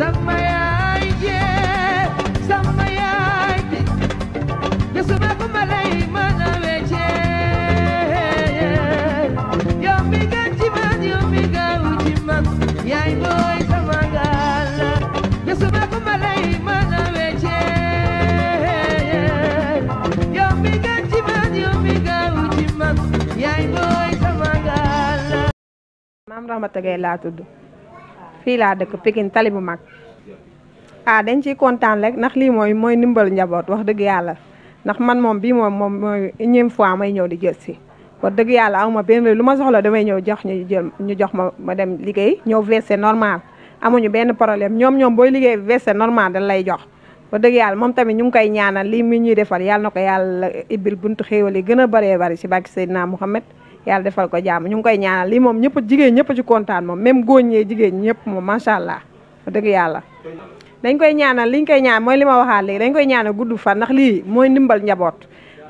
sama yaay jee sama yaay ji gisuma ku ma lay mën a weccee yow mi yaay booy sama gaal gisuma ku ma lay mën a weccee yow mi yaay booy sama gaal maam Ramata Gaye laa tudd fii laa dëkk Pikine tali bu mag ah dañ ciy kontaan rek ndax lii mooy mooy ndimbal njaboot wax dëgg yàlla ndax man moom bii moom moom mooy ñeem fois may ñëw di jël si dëgg yàlla aw ma benn lu ma soxla damay ñëw jox ñu jël ñu jox ma ma dem liggéey ñëw verser normal amuñu benn problème ñoom ñoom booy liggéey verser normal dañ lay jox wax dëgg yàlla moom tamit ñu ngi koy ñaanal lii mi ñuy defal yàlla na ko yàlla ibbil buntu xéewal yi gën a bëree bëri si bàkki naa Mouhamed yàlla defal ko jàmm ñu ngi koy ñaanal lii moom ñëpp jigéen ñëpp ci kontaan moom même góor ñee jigéen ñëpp moom macha allah wax yàlla. dañ koy ñaanal liñ koy ñaan mooy li ma waxaat léegi dañ koy ñaanal gudd fan ndax lii mooy ndimbal njaboot.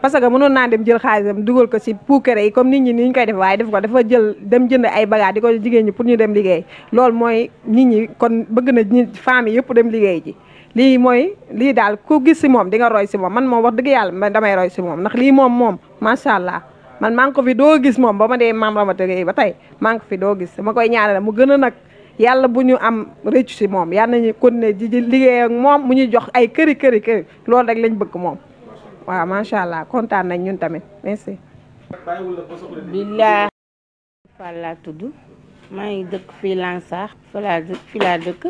parce que mënoon naa dem jël xaalisam dugal ko si puukere yi comme nit ñi ni ñu koy def waaye def ko dafa jël dem jënd ay bagages di ko jigéen ñi pour ñu dem liggéey loolu mooy nit ñi kon bëgg na ñi famille yëpp dem liggéey ci lii mooy lii daal ku gis si moom di nga roy si moom man moom wax dëgg yàlla damay roy si moom ndax lii moom moom macha allah man maa ngi fi doo gis moom ba ma dee maam Ramata Gueye ba tey maa ngi ko fi doo gis ma koy ñaanal mu gën a nag yàlla bu ñu am rëccu si moom yàlla nañu continuer di liggéey ak moom mu ñu jox ay këri këri këri loolu rek lañ bëgg moom waaw macha allah kontaan nañ ñun tamit merci. bilaa tudd maa ngi dëkk fii Lansar fa laa fii laa dëkk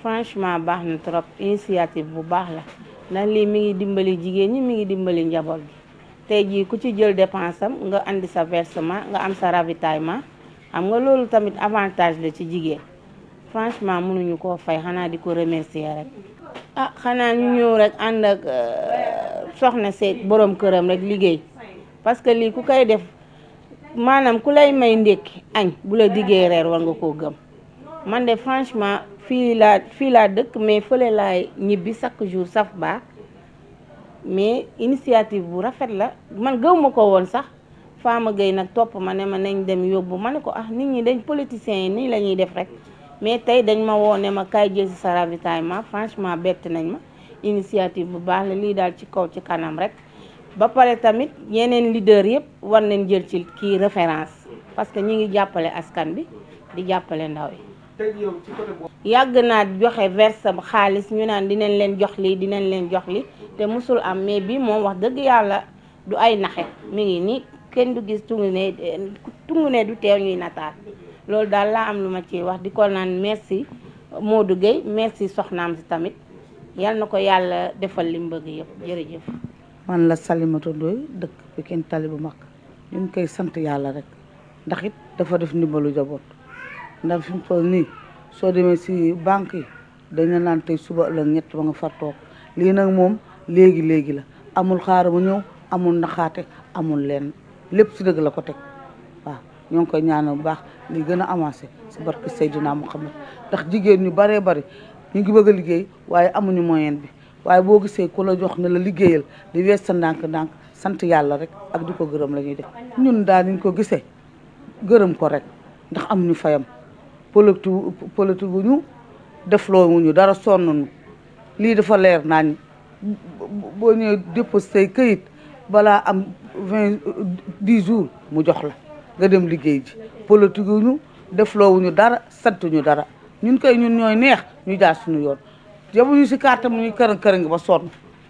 franchement baax na trop initiative bu baax la ndax lii mi ngi dimbali jigéen ñi mi ngi dimbali njaboot gi. tey jii ku ci jël dépense am nga indi sa versement nga am sa ravitaillement xam nga loolu tamit avantage la ci jigéen franchement mënuñu koo fay xanaa di ko remercier rek. ah xanaa ñu ñëw rek ànd ak euh, soxna seet borom këram rek liggéey parce que lii ku koy def maanaam ku lay may ndékki añ bu la diggee reer war nga koo gëm man de franchement fii laa fii laa dëkk mais fële laay ñibbi chaque jour saf baax. mais initiative bu rafet la man gëw ko woon sax Fama Gueye nag topp ma ne ma nañ dem yóbbu ma ne ko ah nit ñi dañ politiciens yi nii la ñuy def rek mais tey dañ ma woo ne ma kaay jël si sa ravitaillement franchement bett nañ ma initiative bu baax la lii daal ci kaw ci kanam rek ba pare tamit yeneen leader yëpp war nañ jël ci kii référence parce que ñi ngi jàppale askan bi di jàppale ndaw yi yàgg naa joxe verse am xaalis ñu naan di dinañ leen jox lii dinañ leen jox li te musul am mais bi moom wax dëgg yàlla du ay naxe mi ngi nii kenn du gis tungu ne tungu ne du teew ñuy nataal loolu daal laa am lu ma ci wax di ko naan merci moo Gueye merci soxnaam si tamit yal na ko yàlla defal li mu bëgg yëpp jërëjëf. man la Salimata Ndoye dëkk Pikine Tali bu mag ñu koy sant yàlla rek ndax it dafa def ndimbalu jaboot ndax fi mu nii soo demee si banque yi dañu naan suba ëllëg ñett ba nga fa nag moom léegi léegi la amul xaar mu ñëw amul naxaate amul lenn lépp si dëgg la ko teg waaw ñoo ngi koy ñaanal bu baax li gën a avancé si barke Seydina Muhammad ndax jigéen ñu baree bari ñu ngi bëgg a liggéey waaye amuñu moyen bi waaye boo gisee ku la jox ne la liggéeyal di wees sa ndànk-ndànk sant yàlla rek ak di ko gërëm la de def ñun daal niñ ko gisee gërëm ko rek ndax amuñu fayam politique politique wu ñu defloo wu ñu dara sonn lii dafa leer naa nañ boo ñëwee déposé kayit këyit balaa am vingt dix jours mu jox la nga dem liggéey ji politique wu dara santuñu dara ñun kay ñun ñooy neex ñu jaar suñu yoon yabuñu si kàttam ñu kërën kërën ba sonn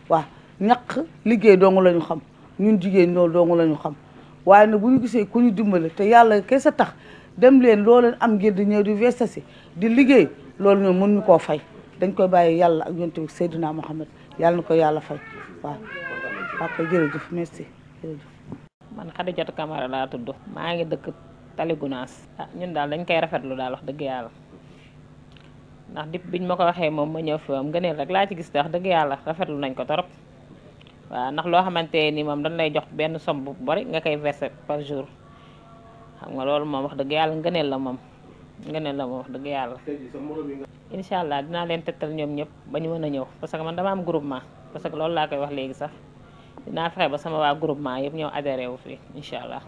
waaw ñaq liggéey dong la ñu xam ñun jigéen ñoo dong la xam waaye nag bu ñu gisee ku ñu dimbale te yàlla kese tax dem leen loo am ngir di ñëw di westa si di liggéey loolu ñoom mënuñu koo fay dañ koy bàyyi yàlla ak yonent bi Seydina Mohamed yàlla na ko yàlla fay waaw papa jërëjëf merci jërëjëf man jot Camara laa tudd maa ngi dëkk Tali Gunaas ah ñun daal dañ koy rafetlu daal wax dëgg yàlla ndax dip biñ ma ko waxee moom ma ñëw fi moom gëneel rek laa ci gis te wax dëgg yàlla rafetlu nañ ko torop waa ndax loo xamante nii moom dañ lay jox benn somme bu bari nga koy verser par jour xam nga loolu moom wax dëgg yàlla ngëneel la moom ngëneel la moom wax dëgg yàlla incha allah dinaa leen tettal ñoom ñëpp ba ñu mën ñëw parce que man dama am groupement parce que loolu laa koy wax léegi sax dinaa fexe ba sama waa groupement yëpp ñëw adhéré wu fii incha allah